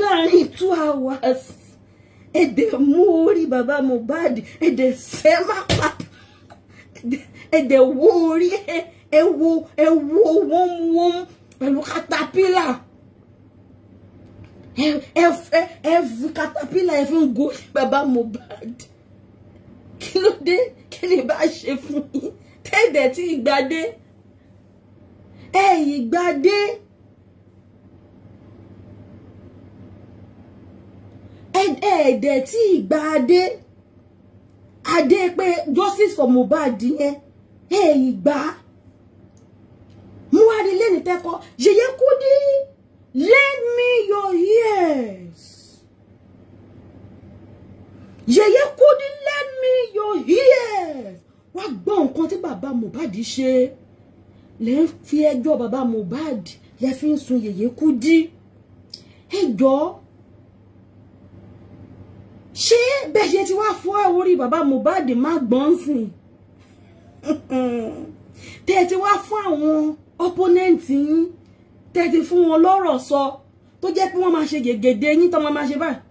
láàrin two hours èdè mú orí bàbá Mohbad èdè sẹ́mà pàpà èdè wo, orí ewo ewo wọ́nwọ́n pẹ̀lú katapila ẹ fi katapila ẹ fi ń go bàbá Mohbad kí ló dé kí ni bá ṣe fún yín tẹ́ẹ̀dẹ̀ tí ìgbà dé ẹ ìgbà dé. ẹ̀ẹ́dẹ̀ tí ìgbà adé adé pé justice for Mohbad yẹn ẹ̀ ìgbà mo wá rí lẹ́ni tẹ́kọ̀ Yèyé Kúdí lend me your ears Yèyé Kúdí lend me your ears wá gbọ́ nǹkan tí bàbá Mohbad ṣe lẹ́ fi ẹjọ́ bàbá Mohbad lẹ́ fi ń sun Yèyé Kúdí ẹjọ́. Hey, ṣé bẹ́ẹ̀ ṣe ti wá fọ́ orí bàbá Mohbad má gbọ́n sìn tẹ́ ẹ ti wá fún àwọn ọ́pọ́nẹ́ǹtì yín tẹ́ ẹ ti fún wọn lọ́rọ̀ sọ tó jẹ́ pé wọ́n máa ṣe gègèdè yín tọ́ máa ṣe báyìí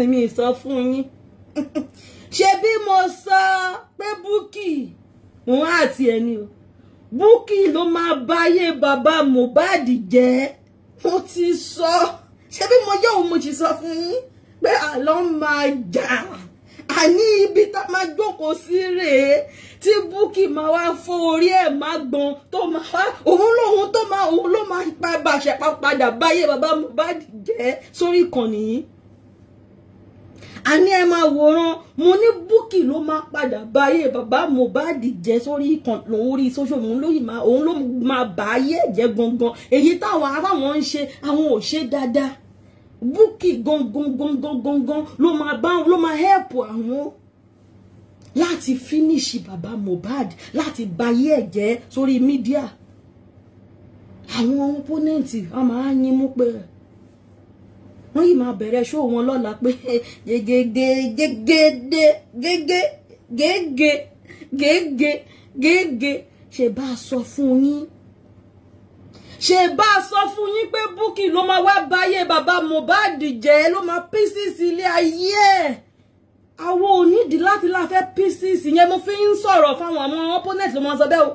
èmi ìsọ fún yín ṣe bí mo sọ pé Bukky mo wá àti ẹni o Bukky ló máa báyé bàbá Mohbad jẹ́ mo ti sọ. So ṣé bí mo yóò mo ti sọ fún yín pé àlọ́ máa jà àní ibi tá máa jókòó sí rèé tí Bukky máa wá fọ orí ẹ̀ má gbọ́n tó máa wá òun lòun tó máa òun ló máa pa bàṣẹ padà báyé bàbá Mohbad jẹ́ sórí ìkànnì yìí a ní ẹ máa wòran mo ní Bukky ló máa padà báyé bàbá Mohbad jẹ sórí ìkàn lórí social òun ló máa òun ló máa báyé ẹjẹ gangan èyí táwọn aráwọn ń ṣe àwọn ò ṣe dáadáa Bukky gangan gangan gangan ló máa bá ló máa help àwọn láti finish bàbá Mohbad láti báyé ẹjẹ sórí mídíà àwọn opponent a máa ń yín mú pé wọ́n yìí máa bẹ̀rẹ̀ ṣó wọn lọ́la pé gégégégégégégégégégé ṣe bá a sọ fún yín ṣe bá a sọ fún mo fi ń sọ̀rọ̀ fáwọn àwọn opponent ló máa sọ bẹ́ẹ̀ o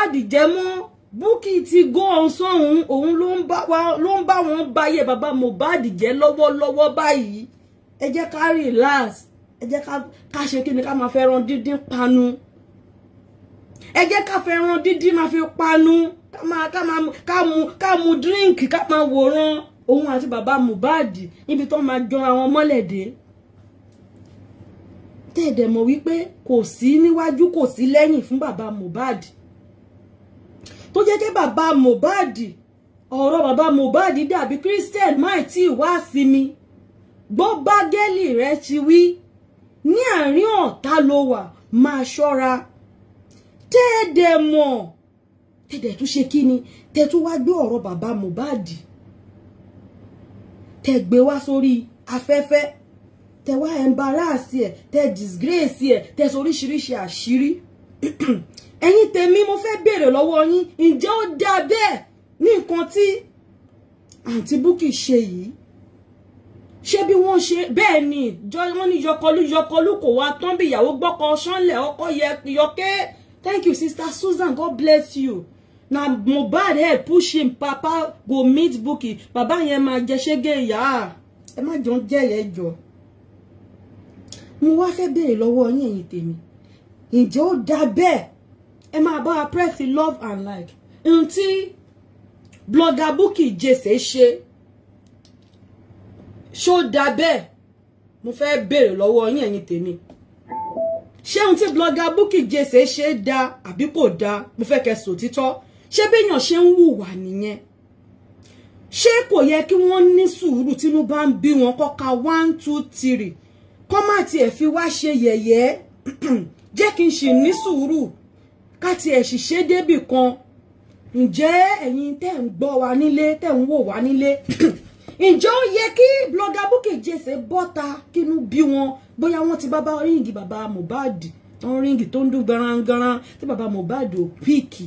àwọn Bukky ti go on sóhun òun ló ń bá wa ló ń bá wọn báyé bàbá Mohbad jẹ́ lọ́wọ́lọ́wọ́ báyìí ẹ jẹ́ ká relax ẹ jẹ́ ká ṣe kí ni ká máa fẹ́ràn dídín panu ẹ jẹ́ ká fẹ́ràn dídín máa fi panu ká máa ká máa ká mu ká mu díríǹkì ká máa wòran òun àti bàbá Mohbad níbi tó máa jọra wọn mọ́lẹ̀ dé tẹ́ẹ̀dẹ̀ mọ̀ wípé kò sí níwájú kò sí lẹ́yìn fún bàbá Mohbad tó jẹ́ kí bàbá Mohbad ọ̀rọ̀ bàbá Mohbad dàbí Christian máì tí wá sí mi gbọ́ bá gẹ́lì rẹ ti wí ní àárín ọ̀tá ló wà máa ṣọ́ra tẹ́ẹ̀dẹ̀ mọ̀ tẹ́ẹ̀dẹ̀ tún ṣe kí ni tẹ́ẹ̀ tún wá gbé ọ̀rọ̀ bàbá Mohbad tẹ́ẹ̀ gbé wá sórí afẹ́fẹ́ tẹ́ẹ̀ wá embarrass ẹ̀ tẹ́ẹ̀ disgrace ẹ̀ tẹ́ẹ̀ sọ oríṣiríṣi àṣírí. ẹ̀yin tèmi mo fẹ́ béèrè lọ́wọ́ yín ǹjẹ́ ó dáa bẹ́ẹ̀ ní nǹkan tí àǹtí Bukky ṣe yìí ṣé bí wọ́n ṣe bẹ́ẹ̀ ni wọ́n ní yọkọlú yọkọlú kò wá tán bí ìyàwó gbọ́kọ ṣánlẹ̀ ọkọ yọkẹ́ thank you sister Susan God bless you na Mohbad head push him papa go meet Buki bàbá yẹn máa jẹ ṣégé ìyá ẹ má jọ ń jẹ́ jọ mo wá fẹ́ béèrè lọ́wọ́ yín ẹ̀yin tèmi ǹjẹ́ ó dá bẹ́ẹ̀ ẹ máa bá wa press love and like n tí blogger Bukky Jesse ṣe ṣó dá bẹ́ẹ̀ mo fẹ́ béèrè lọ́wọ́ yín ẹ̀yin tèmi ṣé ohun tí blogger Bukky Jesse ṣe dá àbí kò dá mo fẹ́ kẹ́ sòtítọ́ ṣé béèyàn ṣe ń hùwà nìyẹn ṣé kò yẹ kí wọ́n ní sùúrù tínú bá ń bí wọn kọ́ka one two three kọ́ má tiẹ̀ fi wá ṣe yẹ̀yẹ́ jẹ́ kí n sì ní sùúrù ká tiẹ̀ sì ṣe débì kan ǹjẹ́ ẹ̀yin tẹ́ ń gbọ́ wa nílé tẹ́ ń wò wá nílé ǹjẹ́ ó yẹ kí blọga Bukky Jesse bọ́ta kínú bí wọn bóyá wọ́n ti bábá ríǹgì bàbá Mohbad tó ń ríǹgì tó ń dún garangaran tí bàbá Mohbad ò píìkì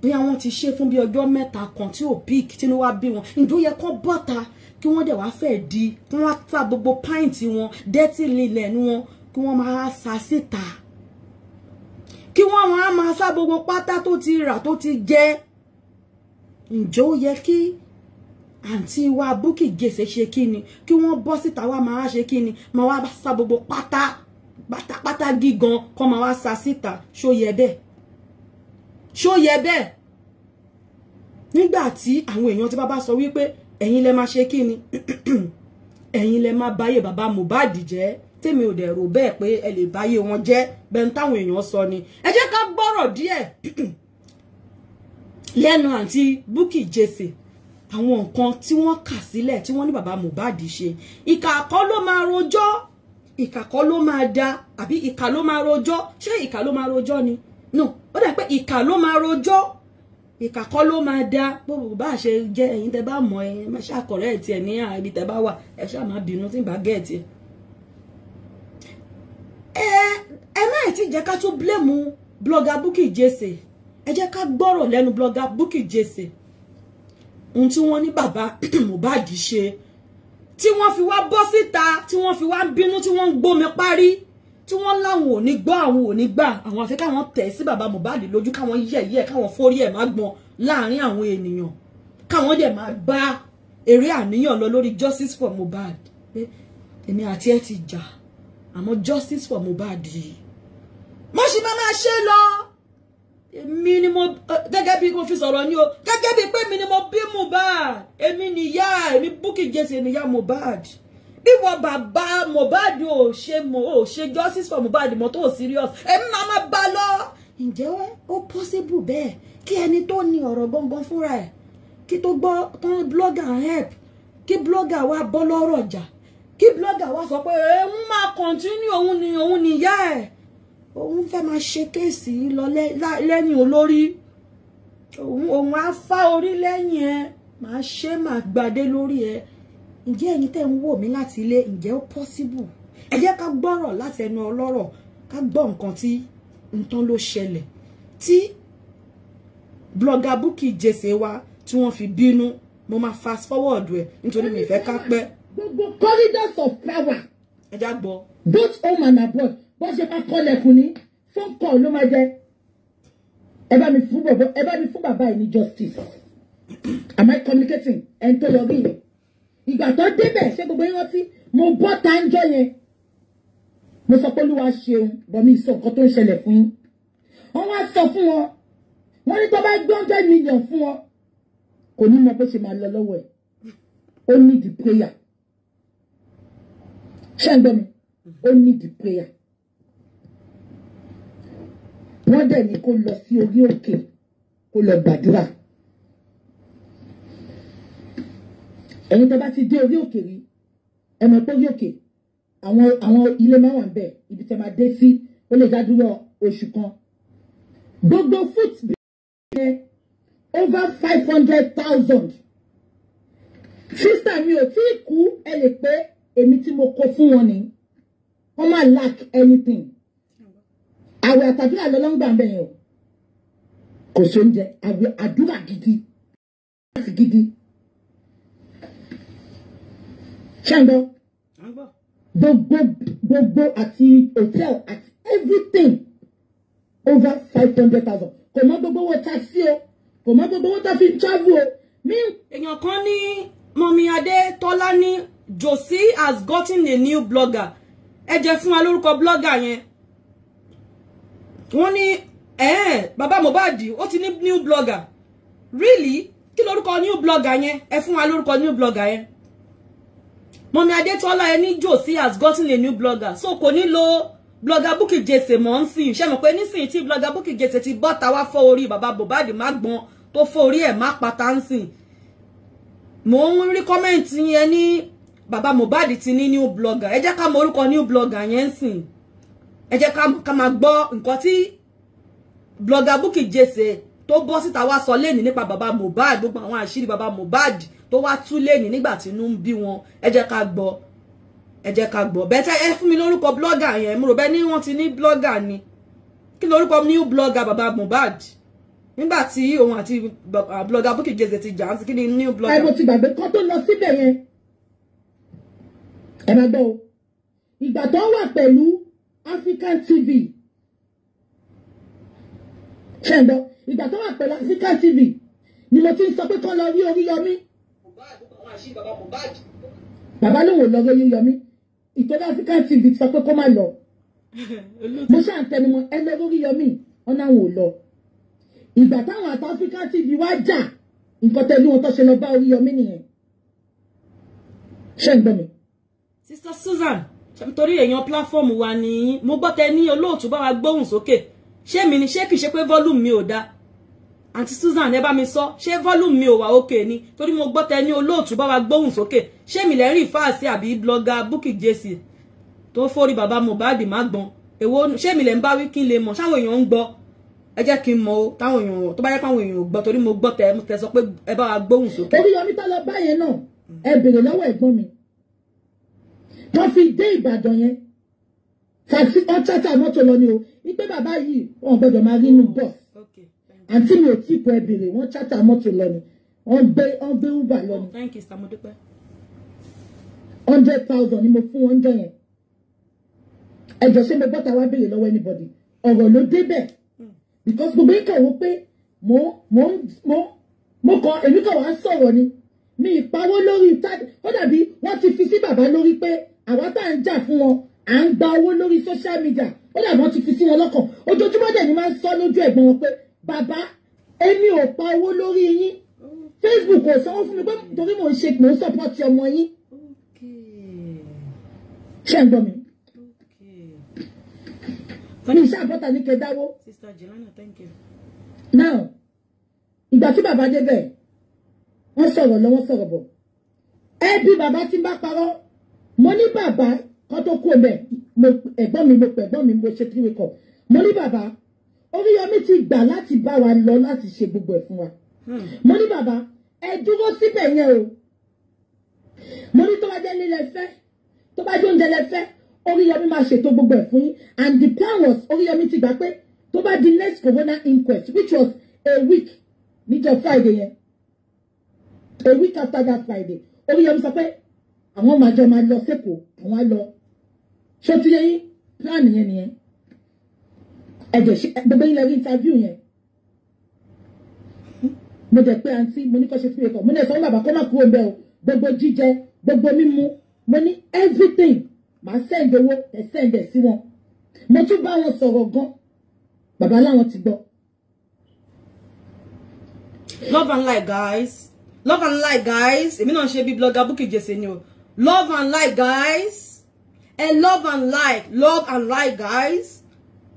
bóyá wọ́n ti ṣe fún bí ọjọ́ mẹ́ta kan tí ò píìkì tínú wá bí wọn ǹjẹ́ yẹ kó bọ́ta kí wọ́n dẹ̀ wá fẹ́ di kí wọ́n fa gbogbo pint wọn dẹ́tì lílẹ̀ nu wọn kí wọ́n máa sa síta. Si kí wọ́n máa máa sá gbogbo pátá tó ti rà tó ti jẹ ǹjẹ́ ó yẹ kí àǹtí wa Bukky Jesse ṣe kí ni kí wọ́n bọ́ síta wá máa ṣe kí ni máa wá sá gbogbo pátá pátápátá gígan kọ́ máa wá sa síta ṣó yẹ bẹ́ẹ̀ ṣó yẹ bẹ́ẹ̀ nígbà tí àwọn èèyàn tí bàbá sọ wípé ẹ̀yin lẹ máa ṣe kí ni ẹ̀yin lẹ máa báyé bàbá Mohbad jẹ́ tèmi ò dẹ̀ rò bẹ́ẹ̀ pé ẹ lè báyé wọn jẹ́ bẹ́ẹ̀ táwọn èèyàn sọ ni ẹ jẹ́ ká gbọ́rọ̀ díẹ̀ lẹ́nu àǹtí Bukky Jesse àwọn nǹkan tí wọ́n kà sílẹ̀ tí wọ́n ní bàbá Mohbad ṣe ìkà kọ́ ló máa rojo, Ika kọ́ ló máa da Abi ìkà ló máa rojọ́ ṣé ìkà ló máa rojọ́ ni no ó dà pé ìkà ló máa rojọ́ ìkà kọ́ ló máa da gbogbo ba ṣe jẹ́ ẹ̀yin tẹ́ bá mọ̀ ẹ má ṣàkọ̀rẹ́ ẹ̀ tiẹ̀ ní àárín tẹ́ bá wà ẹ ṣáà má bínú tí ń bá gẹ̀ẹ́tì ẹ̀ ẹ ẹ máa ti jẹ́ ká tún blame blogger Bukky Jesse ẹ jẹ́ ká gbọ́rọ̀ lẹ́nu blogger Bukky Jesse ohun tí wọ́n ní bàbá Mohbad ṣe tí wọ́n fi wá bọ́ síta tí wọ́n fi wá ń bínú tí wọ́n ń gbómi parí tí wọ́n láwọn ò ní gbọ́ àwọn ò ní gbà àwọn àfi káwọn tẹ̀ sí bàbá Mohbad lójú káwọn yẹ̀yẹ́ káwọn forí ẹ̀ má gbọ́n láàrin àwọn ènìyàn káwọn dẹ̀ máa bá eré àníyàn lọ lórí justice for Mohbad pé èmi àti ẹ ti jà àmọ́ justice for Mohbad yìí mo sì máa máa ṣe lọ èmi ni mo gẹ́gẹ́ bí mo fi sọ̀rọ̀ ni o gẹ́gẹ́ bí pé èmi ni mo bí Mohbad èmi nìyá èmi Bukky Jesse nìyá Mohbad bíwọ bàbá Mohbad ò ṣe mo ò ṣe justice for Mohbad mo tó serious èmi máa máa bá lọ ǹjẹ́ ó possible bẹ́ẹ̀ kí ẹni tó ní ọ̀rọ̀ gangan fúnra ẹ̀ kí tó gbọ́ tán blogger help kí blogger wa bọ́ lọ́rọ̀ jà kí blogger wá sọ pé òun máa kọ̀ntínú òun ni òun nìyá ẹ̀ òun fẹ́ máa ṣe kéèsì lọ lẹ́yìn olórí òun á fá orí lẹ́yìn ẹ màá ṣe màá gbadé lórí ẹ ǹjẹ́ ẹ̀yin tẹ́ ń wò mí láti ilé ǹjẹ́ ó pọ́síbù ẹ jẹ́ ká gbọ́rọ̀ láti ẹnu ọlọ́rọ̀ ká gbọ́ nǹkan tí nǹkan ló ṣẹlẹ̀ tí blogger Bukky Jesse wa tí wọ́n fi bínú mo máa fast forward ẹ̀ nítorí mi ìfẹ́ ká pẹ́ gbogbo corridors of power. ẹja gbọ́. both home and abroad bó ṣe máa kọ́ lẹ́kùn ní phone call ló máa jẹ́ ẹ bá mi fún bàbá ẹ bá mi fún bàbá yìí ní justice am I communicating ẹ̀ ń tó lọ rí yẹn ìgbà tó débẹ̀ ṣé gbogbo yín rántí mo bọ́ ta ń jọ yẹn mo sọ pé olúwa ṣeun bọ̀mí sọ nǹkan tó ń ṣẹlẹ̀ fún yín wọ́n wá sọ fún wọn wọ́n ní tó bá gbé hundred million fún wọn kò ní mọ bó ṣe máa lọ lọ́wọ́ ẹ̀ ó ní di prayer ṣé ń gbọ́ mi prayer wọ́n dẹ̀ ní kó lọ sí orí òkè kó lọ gbàdúrà ẹ̀yin tó bá ti dé orí òkè rí ẹ mọ̀ pé orí òkè àwọn àwọn ilé máa wà ń bẹ̀ ibi tẹ́ máa dé sí ó lè dádúró oṣù kan gbogbo foot bí ẹ over five hundred thousand sísá mi ò tí ì kú ẹ lè pé èmi tí mo kó fún wọn ni wọ́n máa lack anything àwẹ̀ àtàdúrà lọ́lọ́ngbà bẹ́ẹ̀ o kò sóúnjẹ àwẹ̀ àdúrà gidi láti gidi ṣàǹgbọ́ gbogbo gbogbo àti hotel àti everything over five hundred thousand kò mọ gbogbo owó taxi o kò mọ gbogbo owó tó fi ń travel o. èèyàn kan ní mọ̀mí adé tọ́lá ní Josie has gotten a new blogger ẹ jẹ́ fún wa lórúkọ blogger yẹn wọ́n ní eh bàbá Mohbad ó ti ní new blogger really kí lórúkọ new blogger yẹn ẹ fún wa lórúkọ new blogger yẹn Mọ́mì Adétọ́lá ẹ ní Josie has gotten a new blogger so kò ní lo blogger Bukky Jesse mọ̀ ń sìn ṣe mọ̀ pé nísìnyí tí blogger Bukky Jesse ti bọ́ ta wá fọ́ orí bàbá Mohbad má gbọ́n tó fọ́ orí ẹ̀ má pata ń sìn mò ń rí kọ́mẹ́ǹtì yẹn ní baba Mohbad ti ní new blogger e jẹ́ ká mọ orúkọ new blogger yẹn ń e ẹ jẹ́ ká máa gbọ́ nǹkan tí blogger Bukky Jesse tó bọ́ síta wá sọ lẹ́nìí nípa baba Mohbad gbogbo àwọn àṣírí bàbá Mohbad tó wá tú lẹ́nìí nígbà tí inú ń bí wọn ẹ jẹ́ ká gbọ́ ẹ jẹ́ ká gbọ́ bẹ́ẹ̀ mi lórúkọ blogger yẹn mo rò bẹ́ẹ̀ ni wọ́n ti ní blogger ni kí lórúkọ new blogger baba Mohbad nígbà tí òun àti blogger Bukky Jesse ti jà á new blogger. ẹ mo ti gbàgbé kó tó lọ síbẹ̀ yẹn ẹ máa gbọ́ o ìgbà tó wà pẹ̀lú African TV ṣe ń gbọ́ ìgbà tó wà pẹ̀lú African TV ni mo ti ń sọ pé kán lọ rí orí yọmí. bàbá ló wò lọ rí orí yọmí ìtọ́jú African TV ti sọ pé kó má lọ mo ṣáà ń tẹnumọ́ ẹ lọ rí yọmí ọ̀nà àwọn ò lọ ìgbà táwọn àti African TV wá jà nǹkan tẹnu wọn tó ṣe lọ bá orí yọmí nìyẹn ṣé mi sister Susan torí èèyàn platform wa ni mo gbọ́ tẹ ní olóòtú bá wa gbóhùn sókè ṣé mi ni ṣé kìí ṣe pé volume mi ò da àǹtí Susan ẹ bá mi sọ ṣé volume mi ò wà òkè ni torí mo gbọ́ tẹ ní olóòtú bá wa gbóhùn sókè ṣé mi lẹ́rìn fáàsì àbí blogger Bukky Jesse tó forí bàbá Mohbad má gbọ́n èwo ṣé mi lẹ́ ń bá wí kí n lè mọ̀ ṣáwọn èèyàn ń gbọ́ ẹ jẹ́ kí n mọ̀ o táwọn èèyàn tó bá yẹ káwọn èèyàn gbọ́ torí mo gbọ́ tẹ sọ pé ẹ bá wa gbóhùn sókè. èyí yọmí tá lọ báyẹn náà ẹ bèrè lọ́wọ́ ẹ̀gbọ́n mi tó fi dé Ìbàdàn yẹn tàbí wọn a mọ́tò lọ ni o wípé bàbá yìí wọn gbọ́dọ̀ máa rí inú bọ àǹtí mi ò tí kọ ẹ bèrè wọn chata mọ́tò lọ ni wọn gbé wọn gbé uber lọ ni hundred thousand ni mo fún wọn jọ yẹn ẹjọ ṣé mo gbọ́ta wá béèrè lọ́wọ́ anybody ọ̀rọ̀ ló débẹ̀ hmm. because gbogbo yìí kàn wọ́n pé mo mo mo mo kọ èmi kàn wá sọ̀rọ̀ ni mi ìpawó lórí ó dàbí wọ́n ti fi sí bàbá lórí pé àwa tá à ń jà fún wọn à ń gba owó lórí social media ó dàbí wọn ti fi sí wọn lọ́kàn ojoojúmọ́ dẹ̀ ni máa ń sọ lójú ẹ̀gbọ́n wọn pé bàbá èmi ò pa owó lórí yín Facebook ò sanwó fún mi pé torí mò ń ṣe mò ń support ọmọ yín ṣé ń gbọ́ mi. ní iṣẹ́ àbọ̀tà ní kẹdáwó. Sister Jelana, thank you. now ìgbà tí bàbá débẹ̀ wọ́n sọ̀rọ̀ lọ wọ́n sọ̀rọ̀ bọ̀ ẹ bí bàbá ti ń bá parọ́ mo ní bàbá kan tó kú ẹ̀mẹ́ ẹ̀gbọ́n mi mo pẹ̀ ẹ̀gbọ́n mi mo ṣe kíwé kọ̀ mo ní bàbá Oríyọmí ti gbà láti bá wa lọ láti ṣe gbogbo ẹ̀ fún wa hmm. mo ní bàbá ẹ dúró síbẹ̀ yẹn o mo ní tó bá jẹ́ nílẹ̀ fẹ́ tó bá jẹ́ oúnjẹ lẹ fẹ́ Oríyọmí máa ṣètò gbogbo ẹ̀ fún yín and the plan was Oríyọmí ti gbà pé tó bá di next coroner inquest which was a week níjọ́ Friday yẹn a week after that Friday Oríyọmí sọ pé àwọn máa jọ máa lọ sẹ́kọ̀ọ́ àwọn á lọ ṣé ti yẹ yín plan yẹn nìyẹn ẹ̀jẹ̀ ṣe gbogbo yín lọ rí interview yẹn mo dẹ̀ pé àǹtí mo ní kọ́ ṣe fíwèé kan mo ní ẹ̀sán bàbá kọ́ má kúrò ń o gbogbo jíjẹ gbogbo mímu mo ní everything màá send owó ẹ̀ send ẹ̀ sí wọn mo tún bá wọn sọ̀rọ̀ gan bàbá láwọn ti gbọ́. love and light guys love and light guys èmi náà ṣe bí blogger Bukky Jesse ni o Love and like, guys. And eh, love and like. Love and like, guys.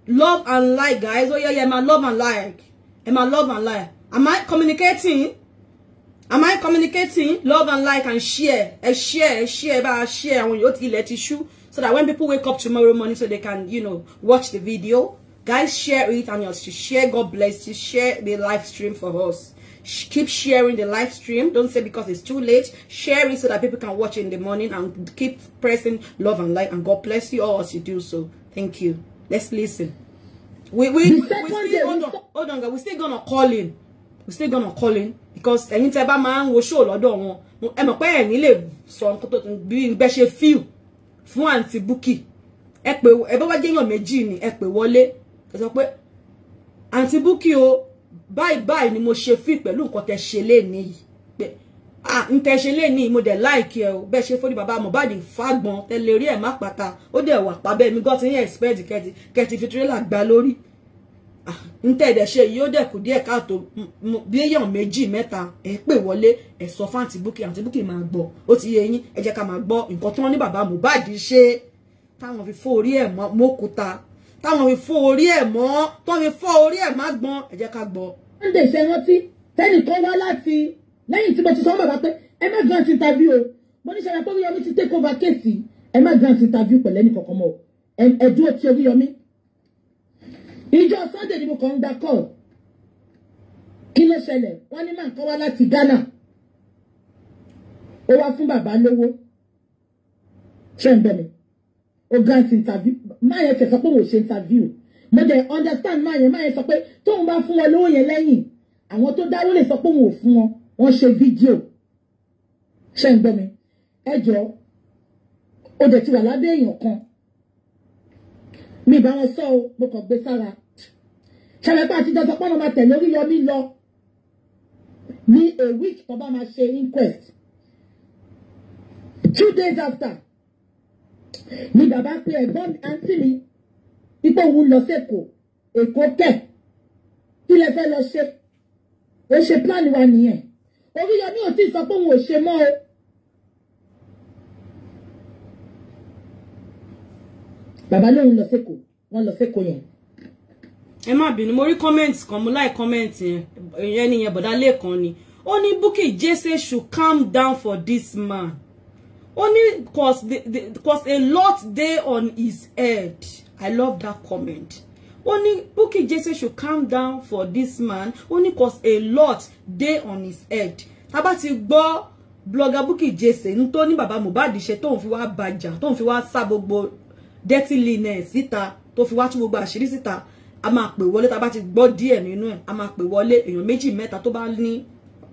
Love and like, guys. Oh, yeah, yeah, my love and like. Eh, and my love and like. Am I communicating? Am I communicating? Love and like and share. And eh, share, and share, but share. And when you let issue. So that when people wake up tomorrow morning so they can, you know, watch the video. Guys, share it and you share. God bless you. Share the live stream for us keep sharing the live stream don't say because it's too late share it so that people can watch in the morning and keep pressing love and light and god bless you all as you do so thank you let's listen we we, we still hold on hold on we still gonna call in we still gonna call in because any tẹ́ bá máa ń show lọ́dọ̀ wọn ẹ mọ̀ pé ẹ̀yin lè sọ nǹkan be bí gbẹ ṣe feel fún àǹtí Bukky ẹ pè ẹ ni ẹ wole. wọlé ẹ sọ pé o báyìí báyìí ni mo ṣe fi pẹ̀lú nǹkan tẹ ṣe léèní ah n tẹ ṣe léèní mo dẹ̀ láìkí ẹ o bẹ́ẹ̀ ṣe fún ní bàbá Mohbad fagbọn tẹ́lẹ̀ rí ẹ̀ má pata ó dẹ̀ wà pa bẹ́ẹ̀ mi gan ti ń expect kẹ́ti kẹ́ti fi tírélà gbá lórí ah n tẹ̀ dẹ̀ ṣe yìí ó dẹ̀ kù díẹ̀ káàtó bí èèyàn méjì mẹ́ta ẹ̀ pè wọlé ẹ̀ sọ fún àǹtí Bukky àǹtí Bukky máa gbọ́ ó ti yẹ yín ẹ jẹ́ ká máa gbọ́ nǹkan tí wọ́n ní bàbá Mohbad ṣe táwọn fi fóorí ẹ̀ mọ́kúta táwọn fi fọ́ orí ẹ̀ mọ́ tó fi fọ́ orí ẹ̀ má gbọ́n ẹ jẹ́ ká gbọ́. Sunday ṣe rántí tẹnìkan wá láti lẹ́yìn tí mo ti sọ bàbá pé ẹ má grant interview o mo se sọyà pé Oríyọmí ti take over kéèsì ẹ má grant interview pẹ̀lú ẹnì kankan mọ́ ẹ dúró ti Oríyọmí. ìjọ Sunday ni mo kàn ń gba call kí ló ṣẹlẹ̀ wọ́n ní màá kọ́ wá láti Ghana ó wá fún bàbá lówó ṣé ń bẹ̀ mi ó grant interview máa yẹn tẹ̀sọ́ pé mo ṣe interview mo dẹ̀ understand máa yẹn máa yẹn sọ pé tóun bá fún wọn lówó yẹn lẹ́yìn àwọn tó dáwó lè sọ pé òun ò fún wọn wọ́n ṣe fídíò ṣe ń gbọ́ mi ẹ jọ ó dẹ̀ ti wà lábẹ́ èèyàn kan mi bá wọn sọ o mo kàn gbé sára ṣàlẹ́pà àti dandan pọ́n máa tẹ̀lé Oríyọmí lọ ní a week tó bá máa ṣe inquest two days after ni bàbá pe ẹ̀gbọ́n àǹtí mi pípé òun lọ sẹ́kọ̀ọ́ èkó kẹ̀ kí lẹ fẹ́ lọ ṣe ó ṣe pílánì wa nìyẹn oríyọmí ò tí ì sọ pé òun ò ṣe mọ́ o. bàbá lóun lọ sẹ́kọ̀ọ́ wọ́n lọ sẹ́kọ̀ọ́ yẹn. ẹ má bínú mo rí kọ́mẹ́ǹtì kan mo láì kọ́mẹ́ǹtì yẹn ẹni yẹn bọ̀dá lẹ́ẹ̀kan ni ó ní Bukky jesse should calm down for this man. Only cause the, the, cause a lot day on his head i love that comment Only ní Jesse should calm down for this man Only cause a lot day on his head tá bá ti gbọ́ blogger Bukky Jesse ní tó ní bàbá Mohbad ṣe tóun fi wá bàjà tóun fi wá sá gbogbo dirty linen síta tó fi wá tú gbogbo àṣírí síta a máa pè wọlé tá bá ti gbọ́ díẹ̀ nínú ẹ̀ a máa pè wọlé èèyàn méjì mẹ́ta tó bá ní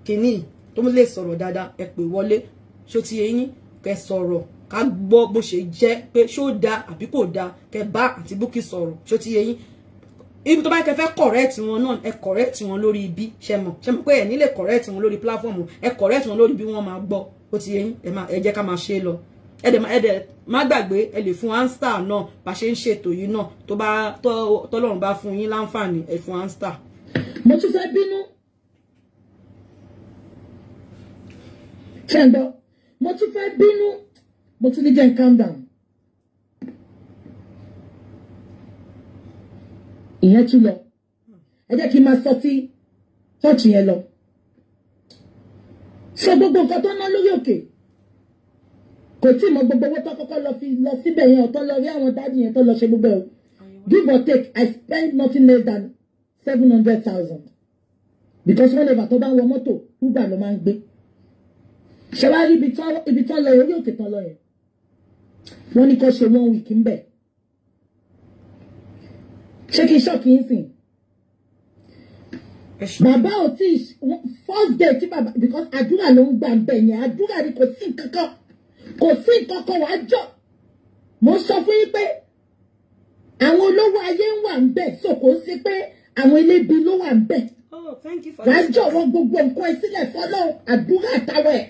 kínní tó lè sọ̀rọ̀ dáadáa ẹ pè wọlé ṣó ti yé kẹ sọ̀rọ̀ ká gbọ́ bó ṣe jẹ́ pé ṣó dáa àbí kò dáa kẹ bá àti Bukky sọ̀rọ̀ ṣó ti yé yín ibi tó bá kẹ fẹ́ correct wọn náà ẹ correct wọn lórí ibi ṣẹmọ ṣẹmọ pé ẹ nílé correct wọn lórí platform ẹ correct wọn lórí bí wọ́n máa gbọ́ ó ti yé yín ẹ jẹ́ ká máa ṣe é lọ ẹ dẹ̀ ẹ dẹ̀ má gbàgbé ẹ lè fún ansta náà bá ṣe ń ṣètò yìí náà tó bá tọ́lọ́run bá fún yín láǹfààní ẹ fún ansta. mo tún fẹ́ bínú. ṣé ń gbọ́ mo tún fẹ́ bínú mo tún ní jẹ́ n calm down. ìyẹn tún lọ ẹ jẹ́ kí n máa sọ tí tọ́ọ̀tì yẹn lọ ṣe gbogbo nǹkan tó ná lórí òkè kò tí mọ gbogbo owó tó kọ́kọ́ lọ fi lọ síbẹ̀ yẹn ọ̀tọ́ lọ rí àwọn dáàdì yẹn tó lọ ṣe gbogbo ẹ̀ give or take I spend nothing less than seven hundred thousand because wọ́n lè bàtọ́ bá ń wọ mọ́tò uber ló máa ń gbé ṣe wá rí ibi tán lọ orí òkè tán lọ yẹn wọ́n ní kó ṣe one week ń bẹ̀ ṣé kí ṣọ́ọ̀kì ń sìn bàbá ò tí first day tí bàbá because àdúrà ló ń gbà ń bẹ̀ yẹn àdúrà ni kò sí nǹkan kan kò sí nǹkan kan wàá jọ mo sọ fún yín pé àwọn olówó ayé ń wà ń bẹ̀ so kò sí pé àwọn elébi ló wà ń bẹ̀ oh, wàá jọ wọn gbogbo nǹkan ẹ sílẹ̀ fọlọ́ àdúrà táwọn ẹ̀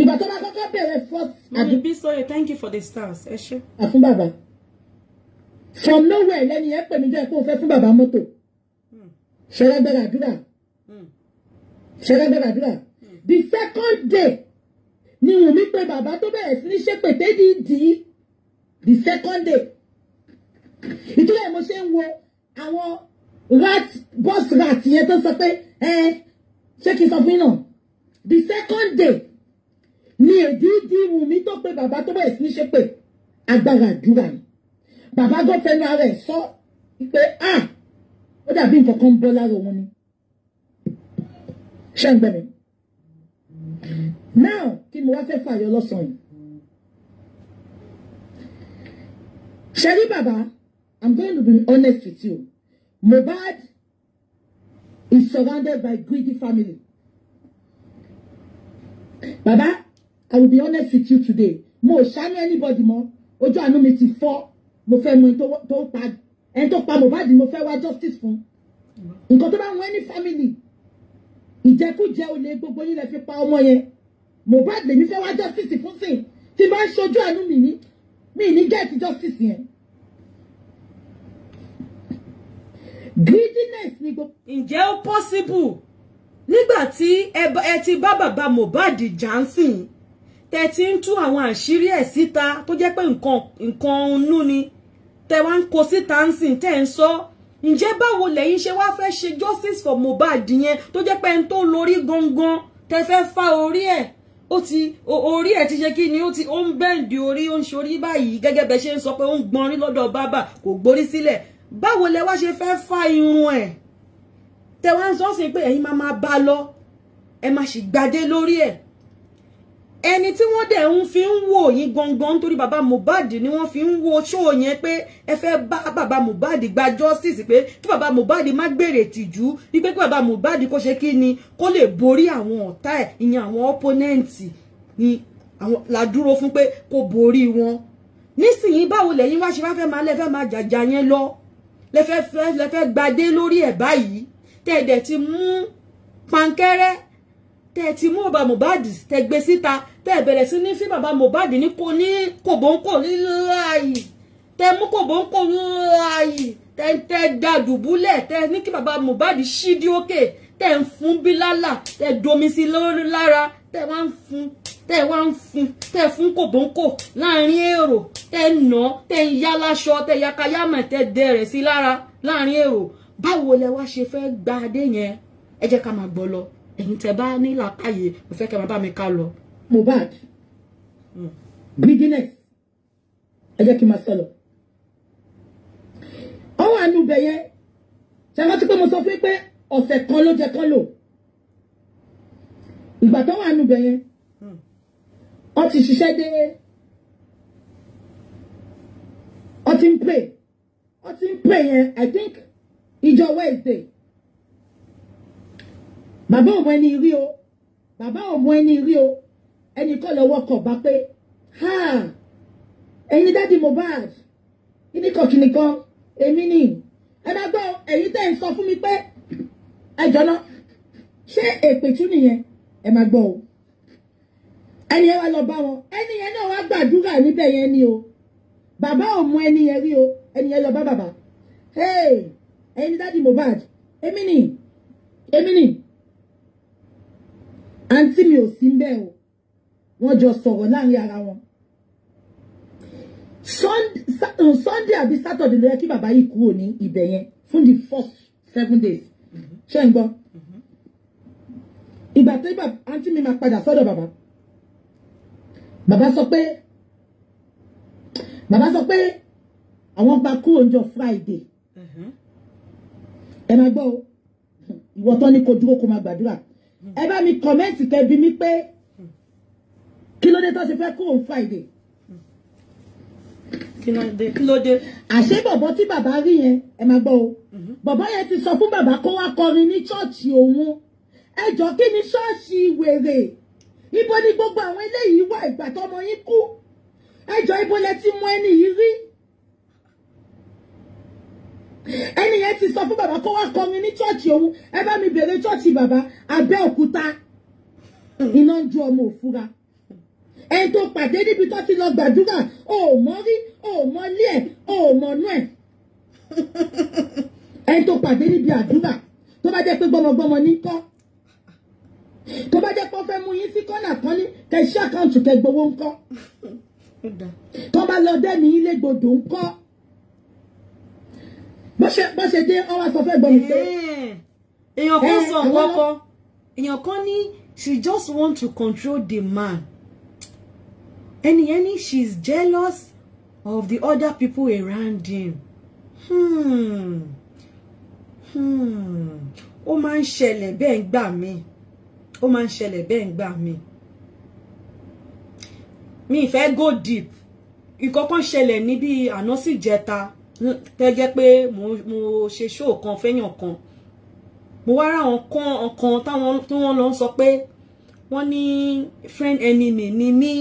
ìgbà tó bá kọ́kọ́ bẹ̀rẹ̀ first. mami Bisoye thank you for the stars ẹ ṣé. àfún bàbá from nowhere lẹ́ni ẹ pè mí jẹ́ kó o fẹ́ fún bàbá mọ́tò hmm. ṣẹlẹ̀ gbẹ̀rẹ̀ àdúrà hmm. ṣẹlẹ̀ gbẹ̀rẹ̀ àdúrà hmm. the second day ni Wùmí pé bàbá tó bẹ̀rẹ̀ sí ní ṣépè tẹ́jì dì í the second day ìtúlẹ̀ mo ṣe ń wo àwọn rat boss rat yẹn tó sọ pé ẹ ṣé kí n sọ fún yín náà the second day mi ò dídí wù mí tó pé bàbá tó bẹ̀rẹ̀ sí ní ṣépè agbára àdúrà ni bàbá tó fẹnu ara ẹ̀ sọ pé ah ó dàbí nǹkan kan ń bọ́ lára òun ni ṣé ń gbẹ mi now kí ni mo wá fẹ́ fààyọ lọ́sàn-án yìí ṣe rí bàbá I'm going to be honest with you Mohbad is surrounded by greedy family bàbá I will be honest with you today. Mo ṣàánú anybody mọ́. Ojo àánú mi ti fọ́. Mo fẹ́ to tó pa ẹni tó pa Mohbad mo fẹ́ wa justice fun. Nǹkan tó bá wọn ní family. Ìjẹkújẹ olè gbogbo yín lè fi pa ọmọ yẹn. Mohbad lèmi fẹ́ wa justice fun sìn. Ti bá ń ṣojú àánú mi ní mi ní get justice yẹn. Greediness ni gbogbo. Ǹjẹ́ ó possible nígbà tí ẹ ti bá bàbá Mohbad jà ń sìn? tẹ́ ti ń tú àwọn àṣírí ẹ̀ síta tó jẹ́ pé nǹkan nǹkan nú ni tẹ́ wá ń kó síta ń sìn tẹ́ ń sọ ǹjẹ́ báwo lẹ́yìn ṣe wá fẹ́ ṣe justice for Mohbad yẹn tó jẹ́ pé ẹni tó lórí gangan tẹ́ fẹ́ fá orí ẹ̀ ó ti orí ẹ̀ ti ṣe kí ni ó ti ó ń bẹ́ǹdì orí ó ń ṣorí báyìí gẹ́gẹ́ bẹ́ẹ̀ ṣe ń sọ pé ó ń gbọ́n rí lọ́dọ̀ bábà kò gborí sílẹ̀ báwo lẹ wá ṣe fẹ́ fá irun ẹ̀ tẹ́ wá ń sọ sí pé ẹ̀yin máa máa bá lọ ẹ máa sì gbadé lórí ẹ̀ ẹni tí wọ́n dẹ̀ ń fi ń wò yín gangan nítorí bàbá Mohbad ni wọ́n fi ń wo ṣó yẹn pé ẹ fẹ́ bá bàbá Mohbad gba justice pé kí bàbá Mohbad má gbèrè tìjú wípé kí bàbá Mohbad kó ṣe kí ni kó lè borí àwọn ọ̀tá ẹ̀ ìyẹn àwọn ọ́pọ́nẹ́ǹtì ni àwọn làdúró fún pé kó borí wọn nísìnyí báwo lẹ́yìn wá ṣe wá fẹ́ máa lẹ́fẹ́ máa jàjà yẹn lọ lẹ́fẹ́ gbadé lórí ẹ̀ báyìí tẹ̀dẹ̀ ti mú pankẹ́rẹ́ tẹ́ ẹ ti mú bàbá Mohbad tẹ́ gbé síta tẹ́ ẹ bẹ̀rẹ̀ sí ní fi bàbá Mohbad ní kò ní kòbóńkò láàyè tẹ́ mú kòbóńkò láàyè tẹ́ tẹ́ da dùbúlẹ̀ tẹ́ ní kí bàbá Mohbad ṣídí òkè tẹ́ ń fún bílálà tẹ́ domi sí lórí lára tẹ́ wá ń fún tẹ́ wá ń fún tẹ́ fún kòbóńkò láàrin èrò tẹ́ nà tẹ́ ń yá láṣọ tẹ́ yakayámẹ tẹ́ dẹrẹ̀ sí lára láàrin èrò báwo lẹ wá ṣe fẹ́ gba adé yẹn ẹ jẹ́ ká máa gbọ́ lọ ẹ̀yin tẹ́ bá ní làákàyè mo fẹ́ kẹ́ máa bá mi ká lọ. Mohbad hmm. greediness ẹ jẹ́ kí n máa sọ lọ. ọwọ́ àánú bẹ̀yẹ ṣáná tí pé mo sọ fún pé ọ̀sẹ̀ kan ló jẹ kán lò ìgbà tó wà nù bẹ̀yẹn wọ́n hmm. ti ṣiṣẹ́ dé wọ́n ti ń pè wọ́n ti ń pè yẹn I think ìjọ Wednesday bàbá ọmọ ẹni rí o bàbá ọmọ ẹni rí o ẹnì kan lọ́wọ́ kọ̀ bá pé ha ẹ̀yin dáàdi Mohbad kíníkan kíníkan èmi ni ẹ máa gbọ́ ẹ̀yin tẹ́ ń sọ fún mi pé ẹ jọ̀nà ṣé èpè tún nìyẹn ẹ máa gbọ́ o ẹni yẹn wá lọ bá wọn ẹni yẹn náà wá gbàdúrà níbẹ̀ yẹn ni o bàbá ò ẹni yẹn rí o ẹni yẹn lọ bá bàbá ẹ̀yin dáàdi Mohbad èmi ni èmi ni àǹtí mi ò sí mbẹ́ o wọ́n jọ sọ̀rọ̀ láàrin ara wọn uh, sunday àbí saturday ló yẹ kí bàbá yìí kúrò ní ibẹ̀ yẹn fún the first seven days mm-hmm. ṣé ń gbọ́ mm-hmm. ìgbà tí àǹtí mi máa padà sọ́dọ̀ bàbá bàbá sọ pé bàbá sọ pé àwọn gba kúrò ń jọ friday mm-hmm. ẹ máa gbọ́ ìwọ tán ni kò dúró kó máa gbàdúrà ẹ bá mi kọ̀mẹ́ǹtì kẹbi mi pé kí ló dé tó ṣe fẹ́ kó òun Friday. kí ló dé kí ló dé. àṣé bọ̀bọ̀ tí bàbá rí yẹn ẹ máa gbọ́ o mhm. bọ̀bọ̀ yẹn ti sọ fún bàbá kó wá kọrin ní ṣọ́ọ̀ṣì òun ẹ jọ kí ni ṣọ́ọ̀ṣì wèrè ibo ni gbogbo àwọn eléyìí wà ìgbà tọmọ yín kú ẹ jọ ibo lẹ ti mú ẹni yìí rí ẹni yẹn ti sọ fún bàbá kó wá kọrin ní chọ́ọ̀chì òun ẹ bá mi bèrè chọ́ọ̀chì bàbá Abẹ́òkúta iná ń ju ọmọ òfura ẹni tó pàdé níbi tó ti lọ gbàdúrà ò mọ rí ò mọ lé ẹ ò mọ nú ẹ ẹni tó pàdé níbi àdúrà tó bá jẹ́ pé gbọmọgbọmọ ní kọ́ tó bá jẹ́ pé wọ́n fẹ́ mú yín sí kọ́nà kan ní kẹ́ ṣí àkáǹtì kẹ́ gbowó ńkọ́ tó bá lọ dẹ́ni ilé gbòdò ńkọ́ bó ṣe dé ọwọ́ sọ fẹ́ gbọ́n pé. èèyàn kan sọ nǹkan kan èèyàn kan ní she just want to control the man ẹni yẹn she is jealous of the other people around him. Hmm. Hmm. ó máa ń ṣẹlẹ̀ bẹ́ẹ̀ ń gbà mí ó máa ń ṣẹlẹ̀ bẹ́ẹ̀ ń gbà mí mi ìfẹ́ go deep ìkọ̀kan ṣẹlẹ̀ níbi ànásìjẹta. Si tẹ́ jẹ́ pé mo ṣe ṣóò kan fẹ́yàn kan mo wá ráwọn kan ọ̀kan táwọn tí wọ́n lọ ń sọ pé wọ́n ní friend enemy ni mí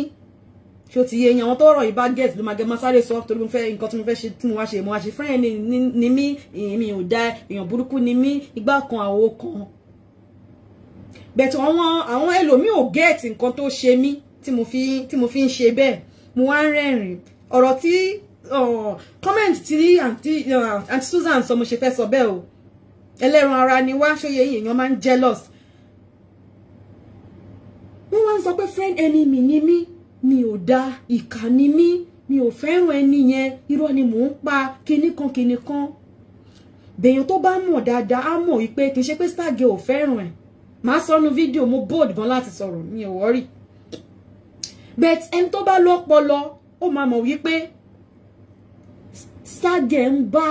ṣé o ti yé yẹn àwọn tó rọ̀ yìí bá gẹ̀ẹ́sì ló máa gẹ́ máa sáré sọ torí mo fẹ́ nǹkan tí mo fẹ́ ṣe tí mo wá ṣe mo wá ṣe friend enemy ni mí èmi ò da èèyàn burúkú ni mí igbá kan àwo kan bẹ̀tẹ̀ àwọn àwọn ẹlòmíì ò gẹ̀ẹ́tì nǹkan tó ṣe mí tí mo fi ń ṣe bẹ́ẹ̀ mo wá ń rẹ́rìn-ín tí Oh, comment tí àǹtí uh, Susan sọ mo ṣe fẹ́ sọ bẹ́ẹ̀ o ẹlẹ́ran ara ni wá ṣóye yìí èèyàn máa jealous Mo wan ń sọ pé friend enemy ni mi mi o da ìkà ni mi ò fẹ́ràn ẹni yẹn irọ́ ni mò ń pa kinní kan kinní kan bèèyàn tó bá mọ̀ dáadáa á mọ̀ wípé kì í ṣe pé stargate ò fẹ́ràn ẹ̀ màá sọnù video mo bold gan láti sọ̀rọ̀ mi ò wọ́rì but ẹni tó bá lọ́pọlọ ó máa mọ̀ wípé Stargurl ń bá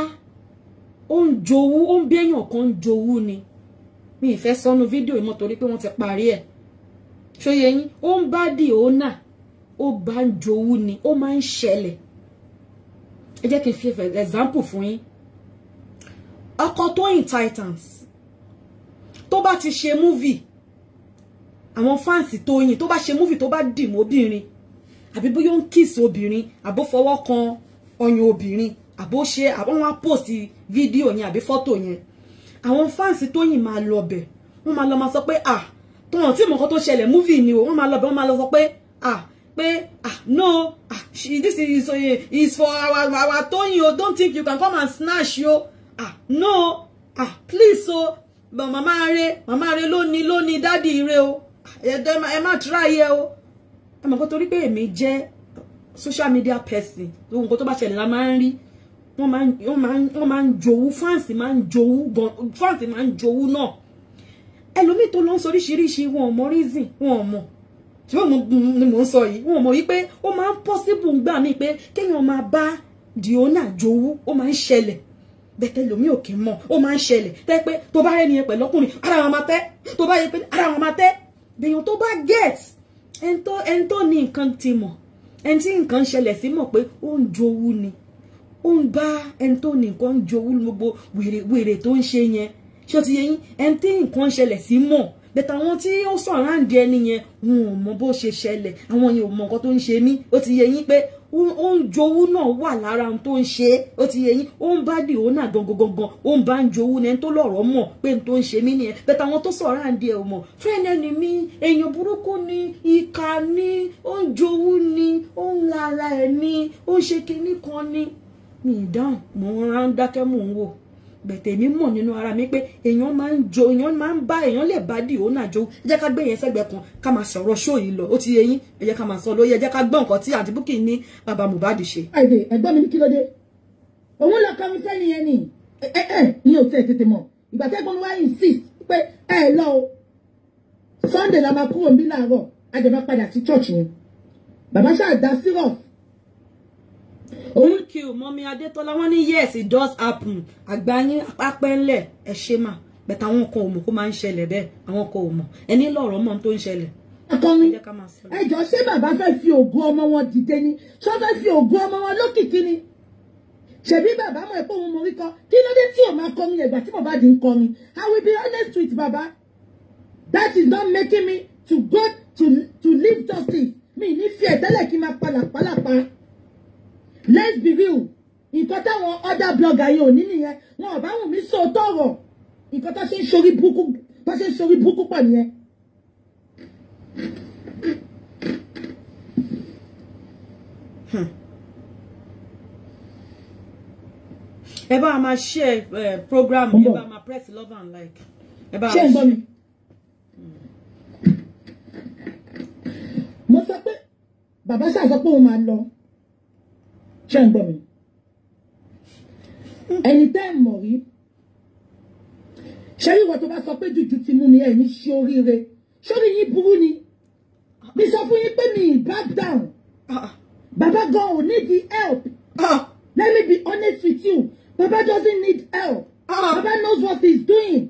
ó ń jowú ó ń béèyàn kan ń jowú ni mi ì fẹ́ sọnù fídíò yìí mọ́ torí pé wọ́n ti parí ẹ̀ ṣóyẹ yín ó ń bá dì ó nà ó bá ń jowú ni ó máa ń ṣẹlẹ̀ ẹ jẹ́ kí n fi example fún yín ọkọ Tóyìn Titans tó bá ti ṣe múvì àwọn fáǹsì Tóyìn tó bá ṣe múvì tó bá dì mọ́ obìnrin àbí bóyá ó ń kíìsì obìnrin àbó fọwọ́ kan ọyàn obìnrin àbó ṣe àbó wọn post fídíò yẹn àbí photo yẹn àwọn fáǹsì Tóyìn máa lọ bẹ̀ wọ́n máa lọ máa sọ pé ah tọ̀hún tí mọ̀kọ́ tó ṣẹlẹ̀ múvì ni o wọ́n máa lọ bẹ̀ wọ́n máa lọ sọ pé ah pé ah no ah she, this is, is for our, our Tóyìn o don't think you can come and snatch yo. ah no ah please o oh, but mama re mama re ló ní ló ní dádì re o ẹ má try ẹ o ẹ mọ̀ pé torí pé èmi jẹ́ social media person ohun kan tó bá ṣẹlẹ̀ la máa ń rí wọ́n máa ń wọ́n máa ń wọ́n máa ń jowú fáǹsì máa ń jowú gan fáǹsì máa ń jowú náà ẹlòmíì tó lọ ń sọ oríṣiríṣi wọn ò mọ reason wọn ò mọ ṣùgbọ́n mo ni mò ń sọ yìí wọn ò mọ wípé ó máa ń possible gbà mí pé kéèyàn máa bá diona jowú ó máa ń ṣẹlẹ̀ bẹ́tẹ̀ lomi ò kí ń mọ̀ ó máa ń ṣẹlẹ̀ tẹ́ pé tó bá rẹ́ni yẹn pẹ̀lú ọkùnrin ara wọn máa tẹ́ tó bá yẹ pé ara wọn máa tẹ́ bẹ̀yàn tó bá get ẹni tó ní nǹkan ti mọ̀ ẹni tí nǹkan ṣẹlẹ̀ sí mọ̀ pé ó ń jowú ni ó ń bá ẹni tó ní nǹkan ń jowú gbogbo wèrè tó ń ṣe yẹn ṣé o ti yẹ yín ẹni tí nǹkan ṣẹlẹ̀ sí mọ̀ bẹ̀tẹ̀ àwọn tí ó sàn láǹdí ẹni yẹn wọn ò mọ bó ṣe ṣẹlẹ̀ àwọn yẹn ò mọ nǹkan tó ń ṣe mí ó ti yẹ yín pé ó ń jowú náà wà lára ohun tó ń ṣe é ó ti yẹ yín ó ń bá dì òun náà gangan gangan ó ń bá ń jowú ní ẹni tó lọ̀rọ̀ mọ̀ pé ohun tó ń ṣe mí nìyẹn bẹ̀tẹ̀ àwọn tó sàn láǹdí ẹ̀ mọ̀ fúrẹ́ni ẹni mi èèyàn burúkú ni ìka ni ó ń jowú ni ó ń lara ẹ̀ ni ó ń ṣe kinní kan ni mi ì mo mò ń rán dákẹ́ mò ń wò bẹ̀tẹ̀ mi mọ̀ nínú ara mi pé èèyàn máa ń jo èèyàn máa ń bá èèyàn lè bá dì òun náà jo ẹ jẹ́ ká gbé yẹn sẹ́gbẹ̀ẹ́ kan ká máa sọ̀rọ̀ ṣó yìí lọ ó ti yẹ yín ẹ jẹ́ ká máa sọ lóye ẹ jẹ́ ká gbọ́ nǹkan tí àǹtí Bukky ní bàbá Mohbad ṣe. àìdè ẹ̀gbọ́n mi ní kí ló dé òun lọ kọrin sẹ́ni yẹn ni ẹ ẹ ní òtẹ tètè mọ ìgbà tẹgbọn wa insist pé ẹ lọ Sunday la máa kúrò níbí láàárọ̀ a jẹ máa padà sí church yẹn bàbá ṣáà dá òun kill mọ́mí adétọ́lá wọ́n ní yes it does happen àgbáyé apẹ́ńlẹ̀ ẹ ṣe mà bẹ̀tẹ̀ àwọn kan ò mọ̀ kó máa ń ṣẹlẹ̀ bẹ́ẹ̀ àwọn kan ò mọ̀ ẹni lọ̀rọ̀ mọ́ tó ń ṣẹlẹ̀. akọni ẹjọ ṣé bàbá fẹ́ fi ògo ọmọ wọn dìde ni ṣó fẹ́ fi ògo ọmọ wọn lókìkí ni ṣebí bàbá mọ̀ ẹ̀pọ̀ òun mọ̀ rí kọ kí ló dé tí ò máa kọrin ẹ̀gbà tí mo bá di ń kọrin I will be honest with baba that is not making me to go to to live justice mi ní fi ẹ̀tẹ́lẹ̀ kí n máa palàpalàpa let's be real nǹkan táwọn other blogger yìí ò ní nìyẹn wọn ò bá wù mí sọ tọrọ nǹkan tó ṣe ń ṣorí burúkú tó ṣe ń ṣorí burúkú pọ̀ nìyẹn. Hmm. ẹ bá máa share eh, program ẹ bá máa press love and like ẹ bá ṣe ń gbọ́ mo sọ pé bàbá ṣàṣọ pé òun máa lọ ṣé ń gbọ́ mi ẹni tẹ́ ẹ̀ mọ̀ rí ṣé ìwọ tó bá sọ pé jùjú ti mú mi ẹ̀ ní ṣe oríire ṣórí yín ni mi sọ fún yín mi back down Baba, gan ò need the help let me be honest with you Baba doesn't need help Baba knows what he's doing.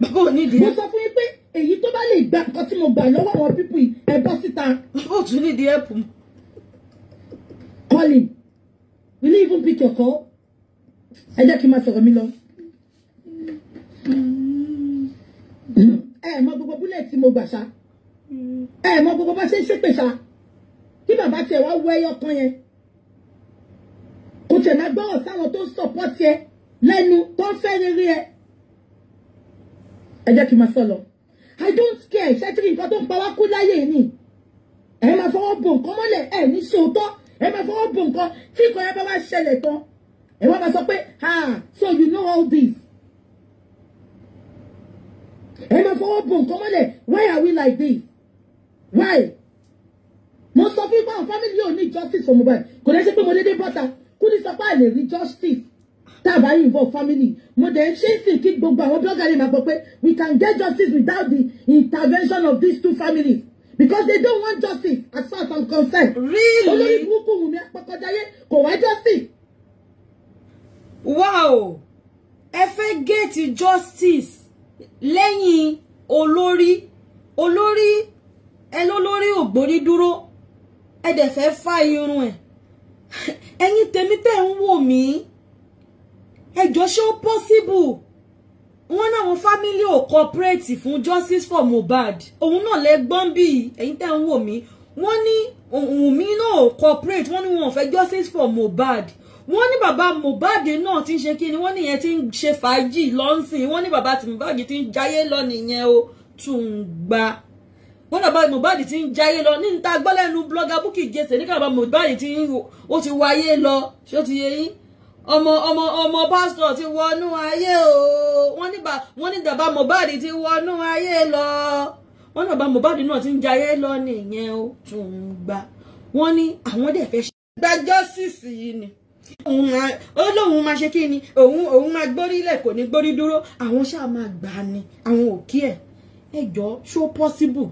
bàbá ò ní ìdí. mo sọ fún yín pé èyí tó bá lè gba nǹkan tí mo gbà lọ́wọ́ àwọn pípù ẹ síta. ó tún ní di ẹ̀pù. call will he even pick your call ẹ jẹ́ kí n máa sọ̀rọ̀ mi lọ. ẹ mọ gbogbo búlẹ̀ tí mo gbà ṣá ẹ mọ gbogbo bá ṣe ń ṣépè ṣá kí bàbá tiẹ̀ wá wọ ẹyọ kan yẹn kò tiẹ̀ máa gbọ́rọ̀ sáwọn tó ń sọ̀pọ̀ tiẹ̀ lẹ́nu tó ń fẹ́ rere ẹ ẹ jẹ́ kí n máa sọ I don't care ṣẹ́tìrì nǹkan tó ń pa wá kú láyé ni ẹ máa fọwọ́ bò nǹkan mọ́lẹ̀ ẹ ní sòótọ́ ẹ máa fọwọ́ bò nǹkan tí nǹkan yẹn bá wá ṣẹlẹ̀ tán ẹ wá máa sọ pé ah so you know all this ẹ máa fọwọ́ bò nǹkan mọ́lẹ̀ why are we like this why mo sọ fún ìgbà family yóò ní justice for mobile. kò dẹ́ ṣe pé mo dédé bọ́ta Kúdí sọ pé àlè rí justice tá involve family mo dẹ̀ ń kí gbogbo àwọn blogger lè máa gbọ́ pé we can get justice without the intervention of these two families because they don't want justice as far as I'm concerned. really olórí burúkú wùmí apakọjáyé kò wá justice. wow ẹ fẹ́ gẹ̀ẹ́tì justice lẹ́yìn olórí olórí ẹ lólórí ògbórí dúró ẹ dẹ̀ fẹ́ fá irun ẹ̀ ẹ̀yin tèmi ń wò mí ẹjọ́ ṣé ó possible wọn náà wọn family ò cooperate fún justice for Mohbad òun náà lẹ gbọ́n bí ẹ̀yin tẹ́ ń wò mí wọ́n ní òun mi náà ò cooperate wọ́n ní wọn ò fẹ́ justice for Mohbad wọ́n ní bàbá Mohbad náà ti ń ṣe kíni wọ́n níyẹn ti ń ṣe fàájì lọ́nsìn wọ́n ní bàbá tí Mohbad ti ń jáyé lọ nìyẹn o tún gba wọ́n bàbá Mohbad ti ń jáyé lọ ní níta gbọ́lẹ́nu blogger Bukky Jesse ní kábàbá Mohbad ti ń ó ti wáyé lọ ṣé ó ti yẹ yín ọmọ ọmọ ọmọ pásítọ̀ ti wọnú ayé o wọ́n ní bá wọ́n ní bàbá Mohbad ti wọnú ayé lọ wọ́n ní bàbá Mohbad náà ti ń jayé lọ nìyẹn ó tún ń gbà wọ́n ní àwọn dẹ̀ fẹ́ ṣe. gba justice yìí ni ó lóun máa ṣe kí ni òun òun máa gbórílẹ̀ kò ní gbórí dúró àwọn ṣáà máa gbà ni àwọn ò ẹ̀ ẹ ṣó possible